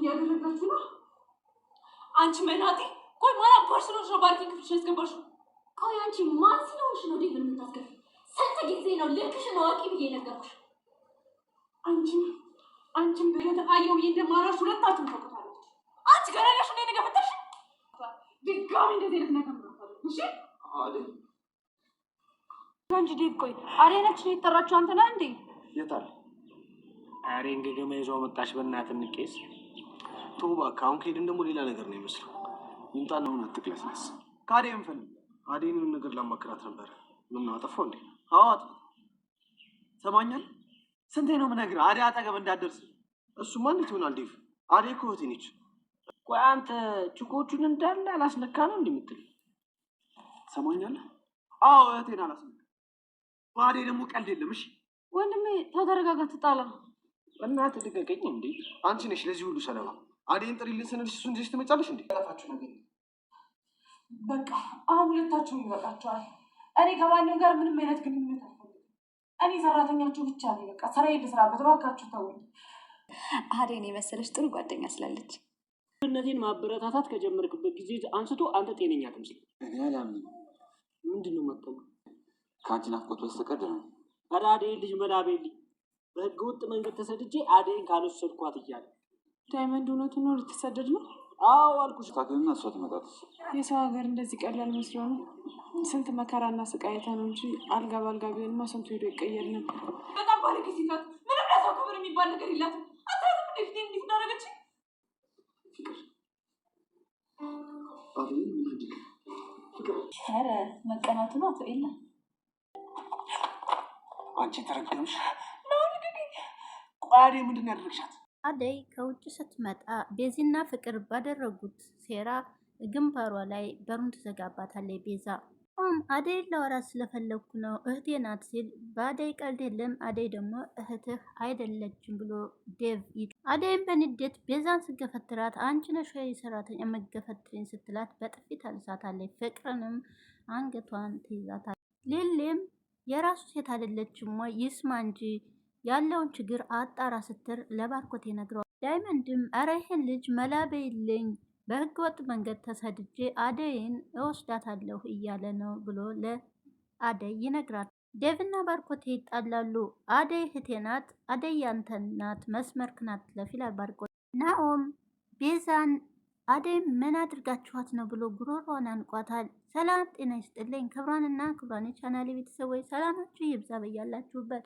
እያደረጋችሁ ነው። አንቺ መናጤ፣ ቆይ ማን አባሽ ነው ባርኪ ክፍልሽ ያስገባሽው? ቆይ አንቺ ማን ስለሆንሽ ነው ዴቭን የምታስገቢው? ስንት ጊዜ ነው ልክሽን አዋቂ ብዬ ነገርኩሽ። አንቺም አንቺም ብረት አየው ብዬ እንደማራሽ ሁለታችሁም ታውቁታላችሁ። አንቺ ገረለሽ እንደ ነገር ፈጠርሽ። ድጋሚ እንደዚህ አይነት ነገር ምናምን እሺ አይደል ዴቭ። ቆይ አሬናችን የተጠራችሁ አንተ ነህ እንዴ? የታል አሬን ገገማ ይዞ መጣሽ። በእናትህ እንቄስ ቶ እባክህ አሁን ከሄድን ደግሞ ሌላ ነገር ነው ይመስለው። ይምጣና አሁን አትቅለስለስ። ከአዴ እንፈልግ አዴ ምንም ነገር ላማክራት ነበር። ምን ነው አጠፋው እንዴ? አዎ አጥፋ። ሰማኛል። ስንቴ ነው የምነግርህ? አዴ አጠገብ እንዳደርስ እሱ ማንት ይሆናል ዴቭ። አዴ እኮ እህቴ ነች። ቆይ አንተ ችኮቹን እንዳለ አላስነካ ነው እንደምትል ሰማኛለህ? አዎ እህቴን አላስነካ። በአዴ ደግሞ ቀልድ የለም። እሺ ወንድሜ ተው፣ ተረጋጋ። ትጣላ እናትህ ልቀቀኝ። እንዴ አንቺ ነሽ ለዚህ ሁሉ ሰለባ አዴን ጥሪ ስንልሽ እሱ እንደዚህ ትመጫለሽ እንዴ? ያራፋችሁ ነገር በቃ አሁን ሁለታችሁም ይበቃችኋል። እኔ ከማንም ጋር ምንም አይነት ግንኙነት አልፈልግም። እኔ ሰራተኛችሁ ብቻ ነኝ። በቃ ስራዬን ልስራበት። እባካችሁ ተው። አዴን የመሰለች ጥሩ ጓደኛ ስላለች ነቴን ማበረታታት ከጀመርክበት ጊዜ አንስቶ አንተ ጤነኛ ትምስል። እኔ አላምንም። ምንድን ነው መጠሙ ከአንቺ ናፍቆት በስተቀር ነው። ኧረ አዴን ልጅ መላቤ ልጅ በህገ ወጥ መንገድ ተሰድጄ አዴን ካልወሰድኳት እያለ ዳይመንድ እውነቱን ነው። ልትሰደድ ነው? አዎ አልኩሽ። ታገኝና እሷ ትመጣለች። የሰው ሀገር እንደዚህ ቀላል መስሎ ነው። ስንት መከራና ስቃየታ ነው እንጂ አልጋ በአልጋ ቢሆንማ ስንቱ ሄዶ ይቀየር ነበር። በጣም ባለ ጊዜ ናት። ምንም ለሰው ክብር የሚባል ነገር የላትም። አታያትም? እንዴት እንዴት እንዳደረገች ኧረ መቀናቱ ነው። አቶ የለም አንቺ ተረገምሽ ነው። ቆይ ምንድን ነው ያደረግሻት? አደይ ከውጭ ስትመጣ ቤዚና ፍቅር ባደረጉት ሴራ ግንባሯ ላይ በሩን ትዘጋባታለች። ቤዛ ም አደይ ለወራት ስለፈለግኩ ነው እህቴ ናት ሲል በአደይ ቀልድ የለም አደይ ደግሞ እህትህ አይደለችም ብሎ ዴቭ ይ አደይም በንዴት ቤዛን ስገፈትራት አንቺ ነሽ ሰራተኛ መገፈትሬን ስትላት በጥፊ ታልሳታለች። ፍቅርንም አንገቷን ትይዛታለች። ሌሌም የራሱ ሴት አይደለችም ወይ ይስማ እንጂ ያለውን ችግር አጣራ ስትር ለባርኮት ይነግረዋል። ዳይመንድም ኧረ ይህን ልጅ መላበይልኝ በህገ ወጥ መንገድ ተሰድጄ አደይን እወስዳታለሁ እያለ ነው ብሎ ለአደይ ይነግራል። ዴቭና ባርኮቴ ይጣላሉ። አደይ እህቴ ናት፣ አደይ ያንተ ናት፣ መስመር ክናት ለፊላል ባርኮት ናኦም ቤዛን አደይ ምን አድርጋችኋት ነው ብሎ ጉሮሮን አንቋታል። ሰላም ጤና ይስጥልኝ። ክብሯንና ክብሯን የቻናሌ ቤተሰቦች ሰላማችሁ ይብዛ በያላችሁበት።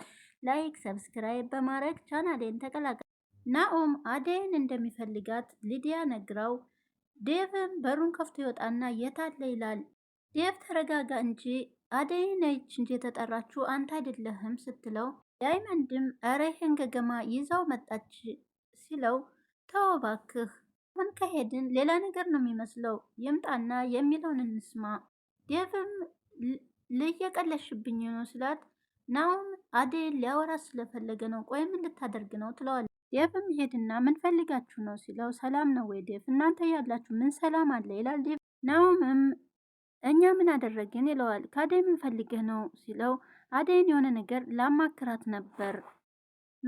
ላይክ ሰብስክራይብ በማድረግ ቻናሌን ተቀላቀል። ናኦም አደይን እንደሚፈልጋት ሊዲያ ነግራው፣ ዴቭም በሩን ከፍቶ ይወጣና የታለ ይላል። ዴቭ ተረጋጋ እንጂ አደይ ነች እንጂ የተጠራችሁ አንተ አይደለህም ስትለው፣ ዳይመንድም ኧረ ይህን ገገማ ይዛው መጣች ሲለው ተወባክህ አሁን ከሄድን ሌላ ነገር ነው የሚመስለው። ይምጣና የሚለውን እንስማ። ዴቭም ልየቀለሽብኝ ነው ስላት ናውም አዴ ሊያወራ ስለፈለገ ነው። ቆይ ምን ልታደርግ ነው ትለዋል። ዴቭም ሄድና ምን ፈልጋችሁ ነው ሲለው ሰላም ነው ወይ ዴቭ፣ እናንተ ያላችሁ ምን ሰላም አለ ይላል ዴቭ። ናውምም እኛ ምን አደረግን ይለዋል። ከአዴ ምን ፈልገህ ነው ሲለው አዴን የሆነ ነገር ላማክራት ነበር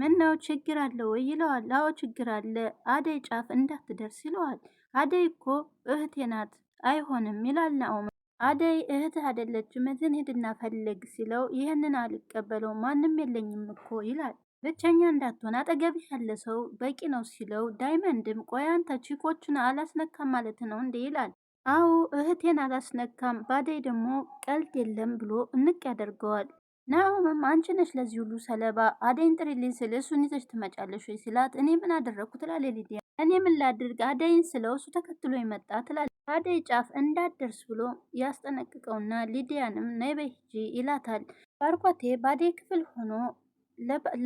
ምነው ችግር አለ ወይ ይለዋል። አዎ ችግር አለ፣ አደይ ጫፍ እንዳትደርስ ይለዋል። አደይ እኮ እህቴ ናት አይሆንም ይላል ናኦሚ። አደይ እህት አይደለችም፣ እዚህን ሂድና ፈልግ ሲለው ይህንን አልቀበለው ማንም የለኝም እኮ ይላል። ብቸኛ እንዳትሆን አጠገብሽ ያለ ሰው በቂ ነው ሲለው ዳይመንድም ቆይ አንተ ቺኮችን አላስነካም ማለት ነው እንዴ ይላል። አዎ እህቴን አላስነካም፣ ባደይ ደግሞ ቀልድ የለም ብሎ እንቅ ያደርገዋል። ናሆምም አንቺ ነሽ ለዚህ ሁሉ ሰለባ አደይን ጥሪልኝ ስል እሱን ይዘሽ ትመጫለሽ ወይ ስላት እኔ ምን አደረግኩ ትላለች ሊዲያ። እኔ ምን ላድርግ አደይን ስለው እሱ ተከትሎ ይመጣ ትላለች። አደይ ጫፍ እንዳደርስ ብሎ ያስጠነቅቀውና ሊዲያንም ነይ በይ ሂጂ ይላታል። ባርኮቴ በአደይ ክፍል ሆኖ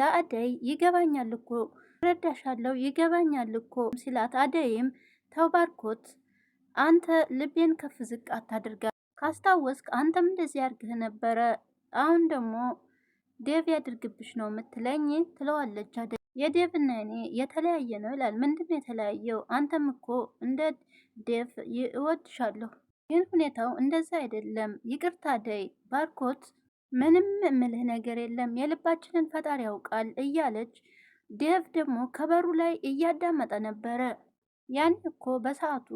ለአደይ ይገባኛል እኮ ረዳሻለው ይገባኛል እኮ ሲላት አደይም ተው ባርኮት አንተ ልቤን ከፍ ዝቅ አታድርጋ ካስታወስክ አንተም እንደዚህ ያርግህ ነበረ አሁን ደግሞ ዴቭ ያድርግብሽ ነው የምትለኝ ትለዋለች። የዴቭና እኔ የተለያየ ነው ይላል። ምንድን የተለያየው? አንተም እኮ እንደ ዴቭ እወድሻለሁ፣ ግን ሁኔታው እንደዛ አይደለም። ይቅርታ አደይ ባርኮት፣ ምንም እምልህ ነገር የለም የልባችንን ፈጣሪ ያውቃል እያለች ዴቭ ደግሞ ከበሩ ላይ እያዳመጠ ነበረ። ያን እኮ በሰዓቱ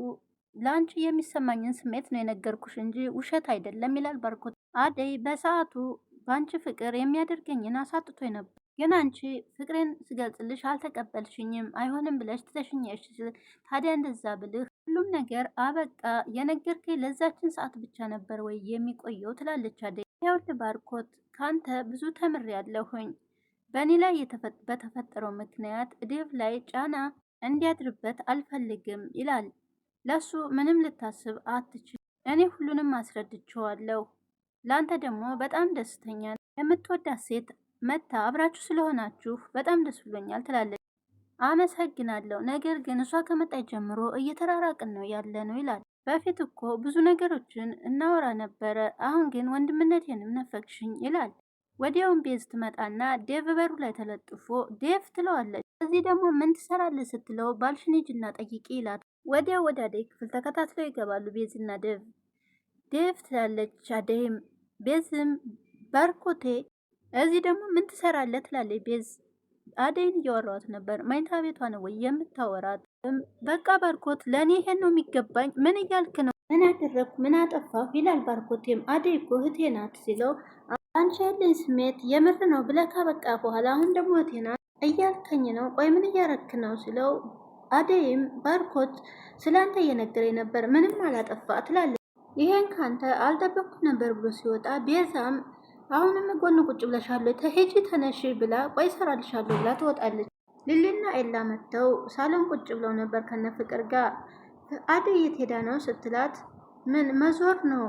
ለአንቺ የሚሰማኝን ስሜት ነው የነገርኩሽ እንጂ ውሸት አይደለም ይላል ባርኮት። አደይ በሰዓቱ በአንቺ ፍቅር የሚያደርገኝን አሳጥቶ ነበር፣ ግን አንቺ ፍቅሬን ስገልጽልሽ አልተቀበልሽኝም። አይሆንም ብለሽ ትተሽኛሽ። ታዲያ እንደዛ ብልህ ሁሉም ነገር አበቃ። የነገርከኝ ለዛችን ሰዓት ብቻ ነበር ወይ የሚቆየው? ትላለች አደይ። ያውል ባርኮት ካንተ ብዙ ተምሬያለሁኝ። በእኔ ላይ በተፈጠረው ምክንያት ዴቭ ላይ ጫና እንዲያድርበት አልፈልግም ይላል ለሱ ምንም ልታስብ አትችል። እኔ ሁሉንም አስረድቸዋለሁ። ለአንተ ደግሞ በጣም ደስተኛ የምትወዳት ሴት መታ አብራችሁ ስለሆናችሁ በጣም ደስ ብሎኛል ትላለች። አመሰግናለሁ፣ ነገር ግን እሷ ከመጣች ጀምሮ እየተራራቅን ነው ያለ ነው ይላል። በፊት እኮ ብዙ ነገሮችን እናወራ ነበረ፣ አሁን ግን ወንድምነቴንም ነፈግሽኝ ይላል። ወዲያውን ቤዝ ትመጣና ዴቭ በሩ ላይ ተለጥፎ ዴቭ ትለዋለች። እዚህ ደግሞ ምን ትሰራለህ ስትለው ባልሽን ሂጂና ጠይቂ ይላል። ወዲያ ወደ አደይ ክፍል ተከታትለው ይገባሉ ቤዝና ደቭ። ደቭ ትላለች አደይም ቤዝም ባርኮቴ እዚህ ደግሞ ምን ትሰራለህ? ትላለች ቤዝ። አደይን እያወራዋት ነበር። መኝታ ቤቷ ነው ወይ የምታወራት? በቃ ባርኮት ለእኔ ይሄን ነው የሚገባኝ። ምን እያልክ ነው? ምን አደረግኩ? ምን አጠፋሁ? ይላል ባርኮቴም። አደይ እኮ እህቴ ናት ሲለው አንቺ ያለኝ ስሜት የምር ነው ብለህ ካበቃ በኋላ አሁን ደግሞ እህቴ ናት እያልከኝ ነው? ቆይ ምን እያረክ ነው ሲለው አደይም ባርኮት ስላንተ እየነገረ ነበር፣ ምንም አላጠፋ ትላለች። ይሄን ካንተ አልጠበቅኩት ነበር ብሎ ሲወጣ ቤዛም አሁንም ጎን ቁጭ ብለሻለሁ ተሄጂ ተነሽ ብላ ቆይ ሰራልሻለሁ ብላ ትወጣለች። ሊሊና ኤላ መጥተው ሳሎን ቁጭ ብለው ነበር ከነ ፍቅር ጋር። አደይ የት ሄዳ ነው ስትላት ምን መዞር ነው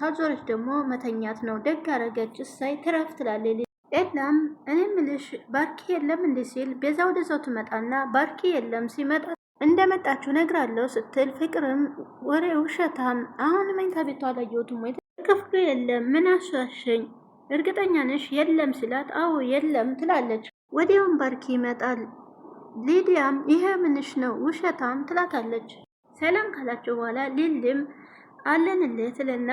ታዞረች ደግሞ መተኛት ነው ደግ አረገች እሳይ ትረፍ ትላለች። ኤላም እኔ ምልሽ ባርኪ የለም እንዴ ሲል ቤዛ ወደ ሰው ትመጣና ባርኪ የለም ሲመጣ እንደመጣችሁ ነግራለሁ ስትል ፍቅርም ወሬ ውሸታም፣ አሁን መኝታ ቤቷ አላየሁትም ወይ ክፍሉ የለም ምን አሻሸኝ እርግጠኛ ነሽ የለም ሲላት፣ አዎ የለም ትላለች። ወዲያውም ባርኪ ይመጣል። ሊዲያም ይሄ ምንሽ ነው ውሸታም ትላታለች። ሰላም ካላቸው በኋላ ሊልም አለንልህ ትልና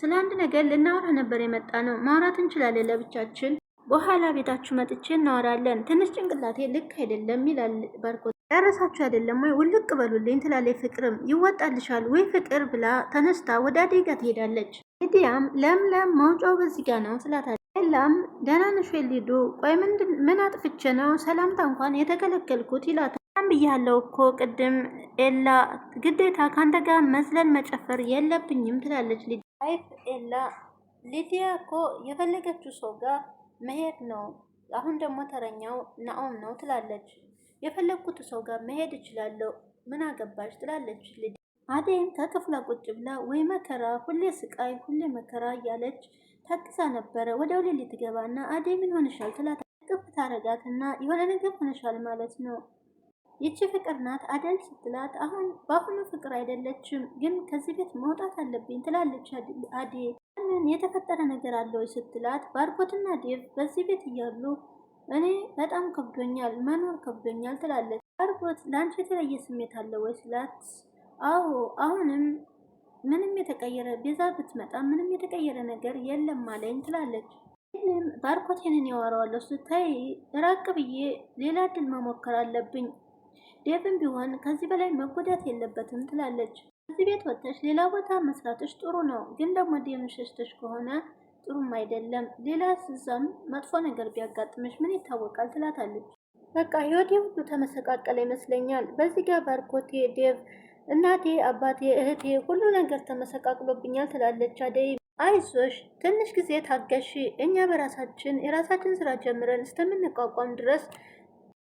ስለ አንድ ነገር ልናወራ ነበር የመጣ ነው ማውራት እንችላለን ለብቻችን በኋላ ቤታችሁ መጥቼ እናወራለን። ትንሽ ጭንቅላቴ ልክ አይደለም ይላል ባርኮ። ጨረሳችሁ አይደለም ወይ ውልቅ በሉልኝ ትላለች ፍቅርም። ይወጣልሻል ወይ ፍቅር ብላ ተነስታ ወደ አደይ ትሄዳለች። ሚዲያም ለምለም መውጫው በዚህ ጋ ነው ስላታለች። ላም ደህና ነሽ ሊዱ? ቆይ ምን አጥፍቼ ነው ሰላምታ እንኳን የተከለከልኩት ይላታል። ም ብያለው እኮ ቅድም ኤላ ግዴታ ከአንተ ጋር መዝለን መጨፈር የለብኝም ትላለች። ልጅ ኤላ ሊዲያ እኮ የፈለገችው ሰው ጋር መሄድ ነው። አሁን ደግሞ ተረኛው ናኦም ነው ትላለች። የፈለግኩት ሰው ጋር መሄድ እችላለሁ፣ ምን አገባሽ ትላለች ልጅ። አደይም ከክፍሏ ቁጭ ብላ ወይ መከራ፣ ሁሌ ስቃይ፣ ሁሌ መከራ እያለች ታግዛ ነበረ። ወደ ሌሊት ትገባና አደይ ምን ሆነሻል ትላት። ቅፍ ታረጋትና የሆነ ነገር ሆነሻል ማለት ነው ይቺ ፍቅር ናት አደል ስትላት፣ አሁን በአሁኑ ፍቅር አይደለችም፣ ግን ከዚህ ቤት መውጣት አለብኝ ትላለች አዴ ምን የተፈጠረ ነገር አለ ወይ ስትላት ባርኮትና ዴቭ በዚህ ቤት እያሉ እኔ በጣም ከብዶኛል መኖር ከብዶኛል ትላለች። ባርኮት ለአንቺ የተለየ ስሜት አለ ወይ ስላት አዎ አሁንም ምንም የተቀየረ ቤዛ ብትመጣ ምንም የተቀየረ ነገር የለም አለኝ ትላለች። ይህም ባርኮቴንን ያወራዋለሁ ስታይ ራቅ ብዬ ሌላ እድል መሞከር አለብኝ ዴቭም ቢሆን ከዚህ በላይ መጎዳት የለበትም ትላለች። እዚህ ቤት ወጥተሽ ሌላ ቦታ መስራትሽ ጥሩ ነው፣ ግን ደግሞ ደም ሸሽተሽ ከሆነ ጥሩም አይደለም። ሌላ ስዛም መጥፎ ነገር ቢያጋጥምሽ ምን ይታወቃል ትላታለች። በቃ ህይወቴ ሁሉ ተመሰቃቀለ ይመስለኛል። በዚህ ጋር ባርኮቴ፣ ዴቭ፣ እናቴ፣ አባቴ፣ እህቴ ሁሉ ነገር ተመሰቃቅሎብኛል ትላለች አደይ። አይዞሽ ትንሽ ጊዜ ታገሺ፣ እኛ በራሳችን የራሳችን ስራ ጀምረን እስከምንቋቋም ድረስ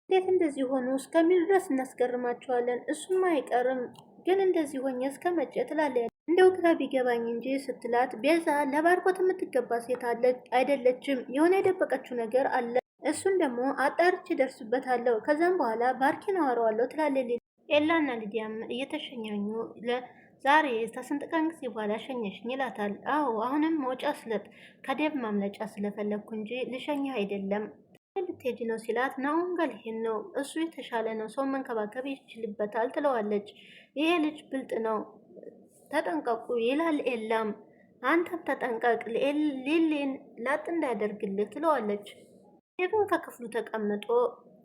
እንዴት እንደዚህ ሆኑ እስከሚል ድረስ እናስገርማቸዋለን። እሱም አይቀርም ግን እንደዚህ ሆኜ እስከ መቼ ትላለች። እንደው ግራ ቢገባኝ እንጂ ስትላት ቤዛ ለባርኮት የምትገባ ሴት አለች አይደለችም? የሆነ የደበቀችው ነገር አለ። እሱን ደግሞ አጣርቼ ደርስበታለሁ። ከዛም በኋላ ባርኪን አወራዋለሁ ትላለች። ኤላና ልዲያም እየተሸኛኙ ዛሬ ከስንት ቀን ጊዜ በኋላ ሸኘሽኝ ይላታል። አዎ አሁንም መውጫ ስለት ከደብ ማምለጫ ስለፈለግኩ እንጂ ልሸኝህ አይደለም ልትሄጂ ነው ሲላት ናሁን ጋር ልሄድ ነው፣ እሱ የተሻለ ነው፣ ሰው መንከባከብ ይችልበታል ትለዋለች። ይሄ ልጅ ብልጥ ነው፣ ተጠንቀቁ ይላል። ኤላም አንተም ተጠንቀቅ፣ ሊሊን ላጥ እንዳያደርግልህ ትለዋለች። ዴቭን ከክፍሉ ተቀምጦ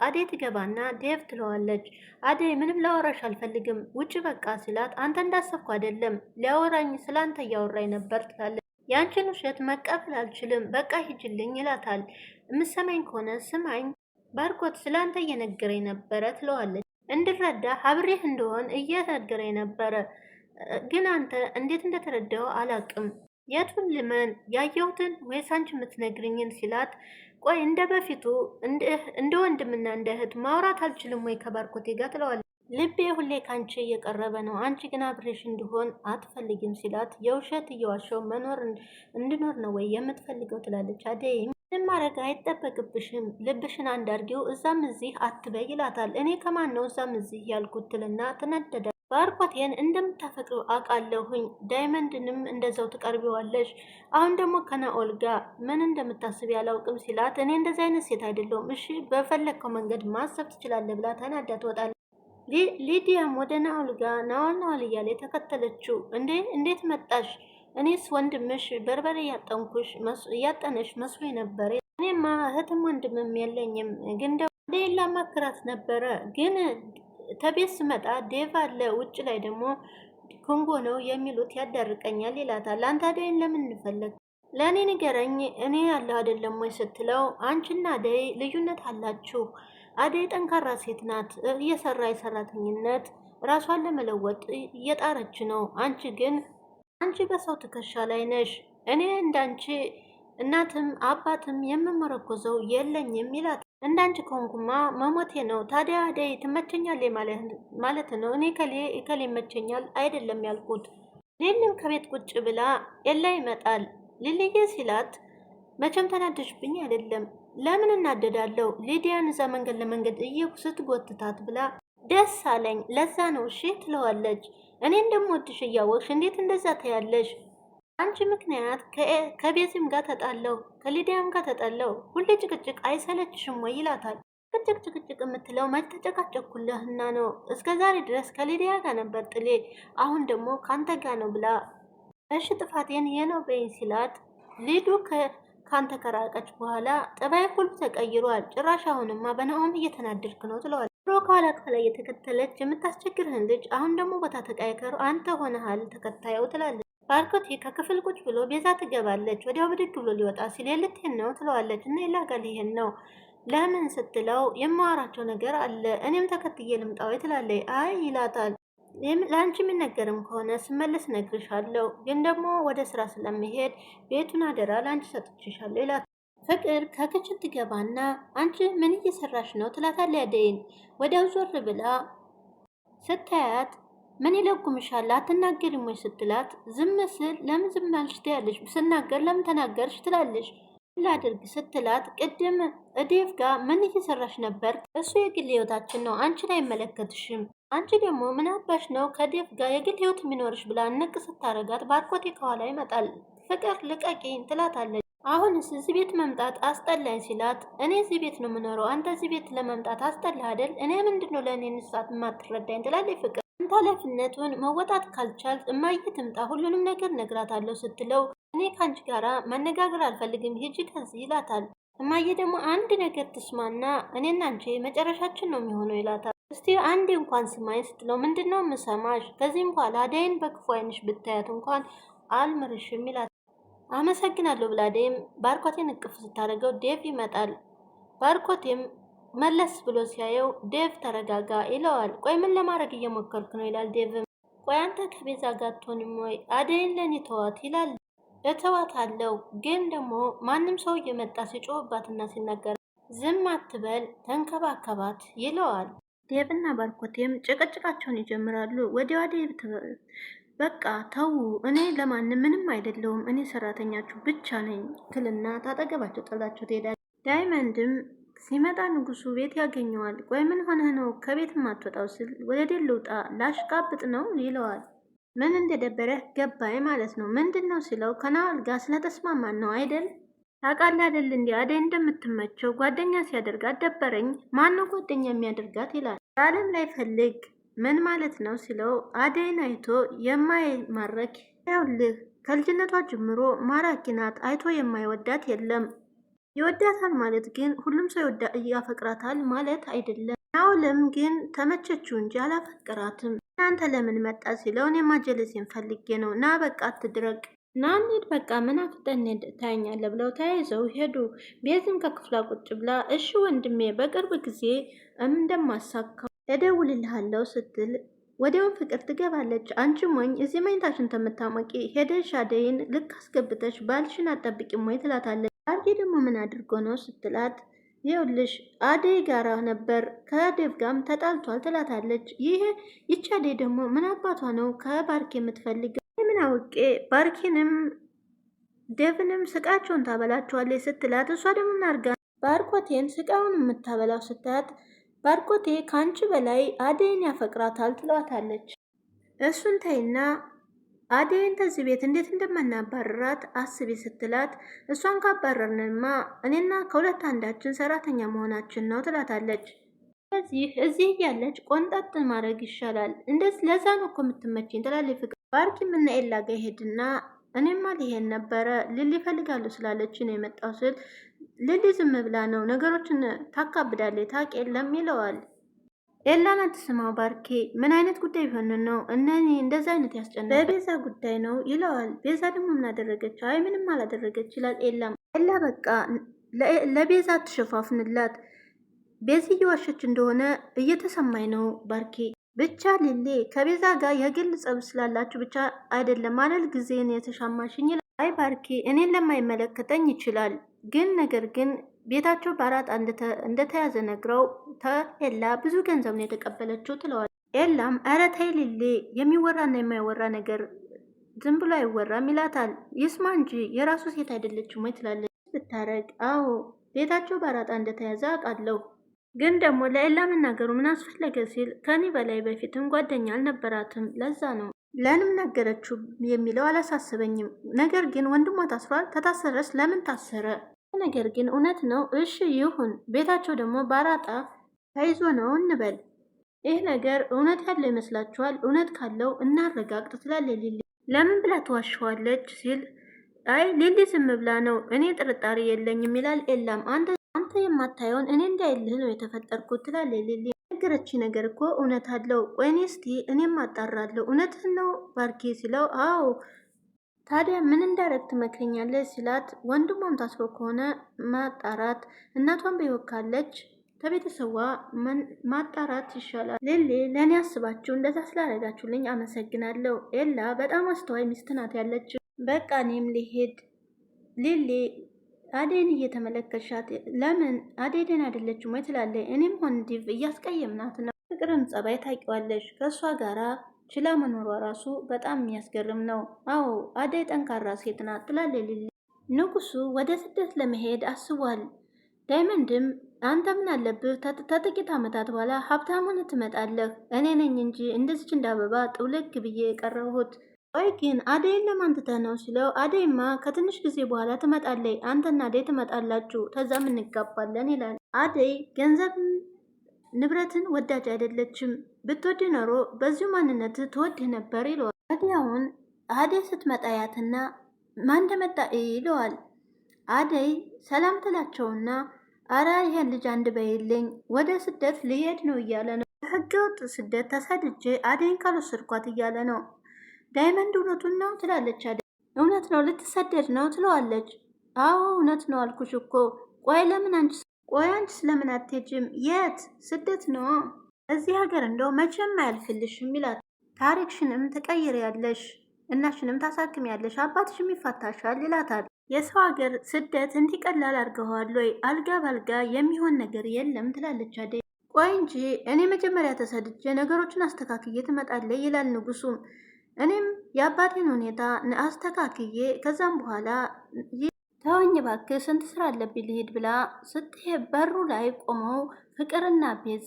አዴ ትገባና ዴቭ ትለዋለች። አዴ ምንም ላወራሽ አልፈልግም ውጭ በቃ ሲላት፣ አንተ እንዳሰብኩ አይደለም ሊያወራኝ ስለአንተ እያወራኝ ነበር ትላለች። ያንቺን ውሸት መቀበል አልችልም፣ በቃ ሂጅልኝ ይላታል። የምሰማኝ ከሆነ ስማኝ፣ ባርኮት ስለአንተ እየነገረኝ ነበረ ትለዋለች። እንድረዳ አብሬህ እንደሆን እየነገረኝ ነበረ፣ ግን አንተ እንዴት እንደተረዳው አላቅም። የቱን ልመን ያየሁትን ወይስ አንቺ የምትነግርኝን ሲላት፣ ቆይ እንደ በፊቱ እንደ ወንድምና እንደ እህት ማውራት አልችልም ወይ ከባርኮቴ ጋር ትለዋለች። ልቤ ሁሌ ካንቺ እየቀረበ ነው፣ አንቺ ግን አብሬሽ እንዲሆን አትፈልጊም ሲላት የውሸት እየዋሸው መኖር እንድኖር ነው ወይ የምትፈልገው ትላለች። አደይም ምንም ማድረግ አይጠበቅብሽም፣ ልብሽን አንዳርጊው፣ እዛም እዚህ አትበይ ይላታል። እኔ ከማን ነው እዛም እዚህ ያልኩት ትልና ትነደደ ባርኮቴን እንደምታፈቅረው አውቃለሁኝ። ዳይመንድንም እንደዛው ትቀርቢዋለሽ። አሁን ደግሞ ከና ኦልጋ ምን እንደምታስብ ያላውቅም ሲላት እኔ እንደዚ አይነት ሴት አይደለሁም፣ እሺ በፈለግከው መንገድ ማሰብ ትችላለህ ብላ ተናዳ ትወጣለች። ሊዲያም ወደ ናውል ጋር ናኦል እያለ የተከተለችው እንዴ እንዴት መጣሽ? እኔስ ወንድምሽ በርበሬ እያጠንኩሽ እያጠነሽ መስሎኝ ነበር። እኔማ እህትም ወንድምም የለኝም፣ ግን ደግሞ ላማክራት ነበረ። ግን ተቤት ስመጣ ዴቭ አለ፣ ውጭ ላይ ደግሞ ኮንጎ ነው የሚሉት ያዳርቀኛል ይላታል። አንተ አደይን ለምን እንፈለግ? ለእኔ ንገረኝ፣ እኔ ያለው አይደለም ወይ ስትለው አንቺና አደይ ልዩነት አላችሁ አደይ ጠንካራ ሴት ናት። እየሰራ የሰራተኝነት ራሷን ለመለወጥ እየጣረች ነው። አንቺ ግን አንቺ በሰው ትከሻ ላይ ነሽ። እኔ እንዳንቺ እናትም አባትም የምመረኮዘው የለኝም ይላት። እንዳንቺ ከሆንኩማ መሞቴ ነው። ታዲያ አደይ ትመቸኛል ማለት ነው? እኔ ከሌ ከሌ ይመቸኛል አይደለም ያልኩት። ሌልም ከቤት ቁጭ ብላ የላ ይመጣል ልልዬ ሲላት መቼም ተናደሽብኝ አይደለም ለምን እናደዳለው? ሊዲያን እዛ መንገድ ለመንገድ እየኩስት ጎትታት ብላ ደስ አለኝ ለዛ ነው እሺ ትለዋለች። እኔ እንደምወድሽ እያወቅሽ እንዴት እንደዛ ታያለሽ? አንቺ ምክንያት ከቤዚም ጋር ተጣለው፣ ከሊዲያም ጋር ተጣለው። ሁሌ ጭቅጭቅ አይሰለችሽም ወይ ይላታል። ጭቅጭቅ ጭቅጭቅ የምትለው መች ተጨቃጨኩልህና ነው? እስከ ዛሬ ድረስ ከሊዲያ ጋር ነበር ጥሌ፣ አሁን ደግሞ ካንተ ጋር ነው ብላ እሺ ጥፋቴን ይሄ ነው በይኝ ሲላት ሊዱ ካንተ ከራቀች በኋላ ጠባይ ሁሉ ተቀይሯል። ጭራሽ አሁንማ በናሆም እየተናደድክ ነው ትለዋል። ድሮ ከኋላ ከኋላ እየተከተለች የምታስቸግርህን ልጅ አሁን ደግሞ ቦታ ተቃይከሩ አንተ ሆነሃል ተከታየው ትላለች። ባርኮቴ ከክፍል ቁጭ ብሎ ቤዛ ትገባለች። ወዲያው ብድግ ብሎ ሊወጣ ሲል የልትሄን ነው ትለዋለች። እና የላጋል ጋር ነው ለምን ስትለው የማወራቸው ነገር አለ እኔም ተከትዬ ልምጣው ወይ ትላለች። አይ ይላታል። ለአንቺ የሚነገርም ከሆነ ስመለስ ነግርሻለሁ፣ ግን ደግሞ ወደ ስራ ስለምሄድ ቤቱን አደራ ለአንቺ ሰጥችሻለሁ ይላል። ፍቅር ከክችን ትገባና አንቺ ምን እየሰራሽ ነው ትላታለች። አደይን ወዲያው ዞር ብላ ስታያት ምን ይለጉምሻል አትናገሪም ወይ ስትላት፣ ዝም ስል ለምን ዝም አልሽ ትያለሽ፣ ስናገር ለምን ተናገርሽ ትላለሽ። ላድርግ ስትላት ቅድም እዴቭ ጋር ምን እየሰራሽ ነበር? እሱ የግል ህይወታችን ነው፣ አንቺን አይመለከትሽም። አንቺ ደግሞ ምን አባሽ ነው ከዴቭ ጋር የግል ህይወት የሚኖርሽ ብላ ንቅ ስታረጋት ባርኮቴ ከኋላ ይመጣል። ፍቅር ልቀቂኝ ትላታለች። አሁንስ እዚህ ቤት መምጣት አስጠላኝ ሲላት እኔ እዚህ ቤት ነው የምኖረው፣ አንተ እዚህ ቤት ለመምጣት አስጠላህ አይደል? እኔ ምንድነው ለእኔ ንሳት የማትረዳኝ ትላለች ፍቅር አንተ ኃላፊነቱን መወጣት ካልቻል እማዬ ትምጣ ሁሉንም ነገር ነግራታለሁ ስትለው እኔ ከአንቺ ጋራ መነጋገር አልፈልግም ሂጂ ከዚህ ይላታል። እማዬ ደግሞ አንድ ነገር ትስማና እኔና አንቺ መጨረሻችን ነው የሚሆነው ይላታል። እስቲ አንዴ እንኳን ስማኝ ስትለው ምንድን ነው ምሰማሽ? ከዚህም በኋላ አደይን በክፉ አይንሽ ብታያት እንኳን አልምርሽም ይላታል። አመሰግናለሁ ብላ አደይም ባርኮቴን እቅፍ ስታደርገው ዴቭ ይመጣል። ባርኮቴም መለስ ብሎ ሲያየው ዴቭ ተረጋጋ ይለዋል። ቆይ ምን ለማድረግ እየሞከርክ ነው ይላል ዴቭም ቆይ አንተ ከቤዛ ጋር አትሆንም ወይ አደይን ለኔ ተዋት ይላል እተዋታለሁ ግን ደግሞ ማንም ሰው እየመጣ ሲጮህባትና ሲናገር ዝም አትበል ተንከባከባት ይለዋል። ዴብና ባርኮቴም ጭቅጭቃቸውን ይጀምራሉ። ወዲያ ዴብ በቃ ተዉ፣ እኔ ለማንም ምንም አይደለውም፣ እኔ ሰራተኛችሁ ብቻ ነኝ ትልና ታጠገባቸው ጥላቸው ትሄዳለች። ዳይመንድም ሲመጣ ንጉሱ ቤት ያገኘዋል። ቆይ ምን ሆነህ ነው ከቤት ማትወጣው? ስል ወደ ዴብ ልውጣ ላሽቃብጥ ነው ይለዋል። ምን እንደደበረህ ገባኝ ማለት ነው። ምንድን ነው ስለው ከናውል ጋር ስለተስማማን ነው አይደል? ታውቃለህ አይደል? እንዲ አደይ እንደምትመቸው ጓደኛ ሲያደርጋት ደበረኝ። ማነው ጓደኛ የሚያደርጋት ይላል። በአለም ላይ ፈልግ ምን ማለት ነው ሲለው አደይን አይቶ የማይማረክ ያውልህ ከልጅነቷ ጀምሮ ማራኪ ናት። አይቶ የማይወዳት የለም። ይወዳታል ማለት ግን ሁሉም ሰው ያፈቅራታል ማለት አይደለም። ናውልም ግን ተመቸችው እንጂ አላፈቅራትም። እናንተ ለምን መጣ ሲለው የማጀለስ ጀለሴን ፈልጌ ነው እና በቃ አትድረቅ ና እንሂድ በቃ ምን አፍጠን እንሂድ ብለው ተያይዘው ሄዱ። ቤዝም ከክፍላ ቁጭ ብላ እሺ ወንድሜ በቅርብ ጊዜ እንደማሳካው እደውልልሃለሁ ስትል ወዲያውን ፍቅር ትገባለች። አንቺ ሞኝ እዚህ መኝታሽን ተምታሞቂ ሄደሽ አደይን ልክ አስገብተሽ ባልሽን አጠብቂ ወይ ትላታለች። አርጌ ደግሞ ምን አድርጎ ነው ስትላት ይኸውልሽ አደይ ጋራ ነበር ከዴቭ ጋርም ተጣልቷል ትላታለች። ይሄ ይቺ አደይ ደግሞ ምን አባቷ ነው ከባርኬ የምትፈልገው? ምን አውቄ ባርኬንም ዴቭንም ስቃቸውን ታበላቸዋለች ስትላት፣ እሷ ደግሞ ምናርጋ ባርኮቴን ስቃውን የምታበላው ስታያት ባርኮቴ ከአንቺ በላይ አደይን ያፈቅራታል ትሏታለች። እሱን ተይና አደይን ተዚህ ቤት እንዴት እንደምናባረራት አስቢ ስትላት እሷን ካባረርንማ እኔና ከሁለት አንዳችን ሰራተኛ መሆናችን ነው ትላታለች። ስለዚህ እዚህ እያለች ቆንጠጥ ማድረግ ይሻላል። እንደዚህ ለዛ ነው እኮ የምትመችኝ ትላለች ፍቅር። ባርኪም እና ኤላ ሄድና እኔማ ሊሄን ነበረ ልል ይፈልጋሉ ስላለች ነው የመጣው ስል ልል ዝም ብላ ነው ነገሮችን ታካብዳለች ታውቅ የለም ይለዋል። ኤላን አትስማው ባርኬ ምን አይነት ጉዳይ ቢሆን ነው እነኒ እንደዚ አይነት ያስጨነ በቤዛ ጉዳይ ነው ይለዋል። ቤዛ ደግሞ ምን አደረገች? አይ ምንም አላደረገች ይላል ኤላም። ኤላ በቃ ለቤዛ ትሸፋፍንላት ቤዚ እየዋሸች እንደሆነ እየተሰማኝ ነው ባርኬ። ብቻ ሌሌ ከቤዛ ጋር የግል ጸብ ስላላችሁ ብቻ አይደለም አለል ጊዜን የተሻማሽኝ ይላል። አይ ባርኬ እኔን ለማይመለከተኝ ይችላል፣ ግን ነገር ግን ቤታቸው በአራት እንደተያዘ ነግረው ኤላ ብዙ ገንዘብ ነው የተቀበለችው ትለዋል። ኤላም ኧረ ተይ ሊሊ የሚወራና የማይወራ ነገር ዝም ብሎ አይወራም ይላታል። ይስማ እንጂ የራሱ ሴት አይደለችም ወይ ትላለች። ብታረግ አዎ ቤታቸው በአራጣ እንደተያዘ አውቃለሁ፣ ግን ደግሞ ለኤላ መናገሩ ምን አስፈለገ ሲል ከኔ በላይ በፊትም ጓደኛ አልነበራትም ለዛ ነው ለንም ነገረችው የሚለው አላሳስበኝም። ነገር ግን ወንድሟ ታስሯል። ከታሰረስ ለምን ታሰረ? ነገር ግን እውነት ነው። እሺ ይሁን። ቤታቸው ደግሞ በአራጣ ተይዞ ነው እንበል። ይህ ነገር እውነት ያለው ይመስላችኋል? እውነት ካለው እናረጋግጥ ትላለች ሊሊ። ለምን ብላ ትዋሸዋለች ሲል አይ ሊሊ ዝም ብላ ነው፣ እኔ ጥርጣሬ የለኝም ይላል። የለም አንተ የማታየውን እኔ እንዳይልህ ነው የተፈጠርኩት ትላ ሊሊ። ነገረች ነገር እኮ እውነት አለው። ወይኔ እስቲ እኔም አጣራለሁ። እውነትህን ነው ባርኬ ሲለው አዎ ታዲያ ምን እንዳረግ ትመክረኛለህ? ሲላት ወንድሟም ታስሮ ከሆነ ማጣራት እናቷን በይወካለች ከቤተሰቧ ማጣራት ይሻላል። ሌሌ ለእኔ አስባችሁ እንደዛ ስላደረጋችሁልኝ አመሰግናለሁ። ኤላ በጣም አስተዋይ ሚስት ናት ያለችው። በቃ እኔም ሊሄድ ሌሌ አዴን እየተመለከሻት ለምን አዴደን አይደለችም ወይ ትላለ። እኔም ሆንዲቭ እያስቀየምናት ነው። ፍቅርም ጸባይ ታውቂዋለሽ። ከእሷ ጋራ ችላ መኖሯ ራሱ በጣም የሚያስገርም ነው። አዎ አዴ ጠንካራ ሴት ናት ትላለ ሌሌ። ንጉሱ ወደ ስደት ለመሄድ አስቧል። ዳይመንድም አንተ ምን አለብህ? ከጥቂት ዓመታት በኋላ ሀብታም ሆነህ ትመጣለህ። እኔ ነኝ እንጂ እንደዚች እንደ አበባ ጥውልግ ብዬ የቀረሁት። ቆይ ግን አደይን ለማን ትተህ ነው ሲለው፣ አደይማ ከትንሽ ጊዜ በኋላ ትመጣለች። አንተና አደይ ትመጣላችሁ፣ ተዛም እንጋባለን ይላል። አደይ ገንዘብ ንብረትን ወዳጅ አይደለችም። ብትወድ ኖሮ በዚሁ ማንነት ትወድህ ነበር ይለዋል። ወዲያውን አደይ ስትመጣ ያትና ማን እንደመጣ ይለዋል። አደይ ሰላም ትላቸውና አረ ይሄን ልጅ አንድ በይልኝ ወደ ስደት ሊሄድ ነው እያለ ነው። በህገ ወጥ ስደት ተሰድጄ አደይን ካልወሰድኳት እያለ ነው። ዳይመንድ እውነቱን ነው ትላለች። አደይ እውነት ነው ልትሰደድ ነው ትለዋለች። አዎ እውነት ነው አልኩሽ እኮ። ቆይ ለምን አንቺ ቆይ አንቺ ስለምን አትሄጂም? የት ስደት ነው እዚህ ሀገር እንደው መቼም አያልፍልሽም ይላት። ታሪክሽንም ያለሽ እናሽንም ያለሽ አባትሽም ይፋታሻል ይላታል። የሰው ሀገር ስደት እንዲቀላል አድርገዋል ወይ? አልጋ ባልጋ የሚሆን ነገር የለም ትላለች አደይ። ቆይ እንጂ እኔ መጀመሪያ ተሰድጄ ነገሮችን አስተካክዬ ትመጣለህ ይላል ንጉሱም። እኔም የአባቴን ሁኔታ አስተካክዬ ከዛም በኋላ ተወኝ ባክ ስንት ስራ አለብኝ ልሄድ ብላ ስትሄድ በሩ ላይ ቆመው ፍቅርና ቤዝ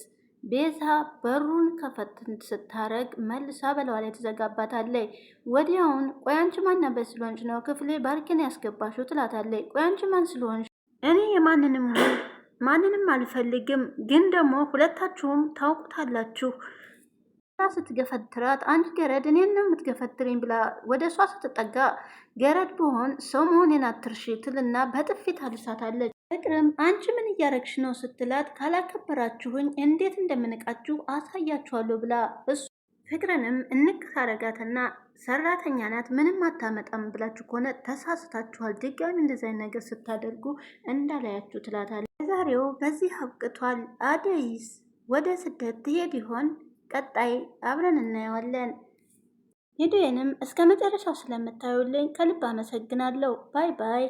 ቤዛ በሩን ከፈትን ስታረግ መልሳ በለዋ ላይ ትዘጋባታለች። ወዲያውን ቆይ አንቺ ማን ነው ክፍሌ ባርኬን ያስገባሹ ትላታለይ። ቆይ አንቺ ማን ስለሆንሽ? እኔ የማንንም ማንንም አልፈልግም፣ ግን ደግሞ ሁለታችሁም ታውቁታላችሁ ስትገፈትራት አንድ ገረድ እኔን ነው የምትገፈትሪኝ ብላ ወደ እሷ ስትጠጋ ገረድ ብሆን ሰው መሆኔን አትርሺ ትልና በጥፊት አልሳታለች። ፍቅርም አንቺ ምን እያረግሽ ነው ስትላት ካላከበራችሁኝ እንዴት እንደምንቃችሁ አሳያችኋለሁ ብላ እሱ ፍቅርንም እንቅ ካረጋትና ሰራተኛ ናት ምንም አታመጣም ብላችሁ ከሆነ ተሳስታችኋል፣ ድጋሚ እንደዚያ ነገር ስታደርጉ እንዳላያችሁ ትላታለች። ዛሬው በዚህ አብቅቷል። አደይስ ወደ ስደት ትሄድ ይሆን? ቀጣይ አብረን እናየዋለን። ሄዶዬንም እስከ መጨረሻው ስለምታዩልኝ ከልብ አመሰግናለሁ። ባይ ባይ።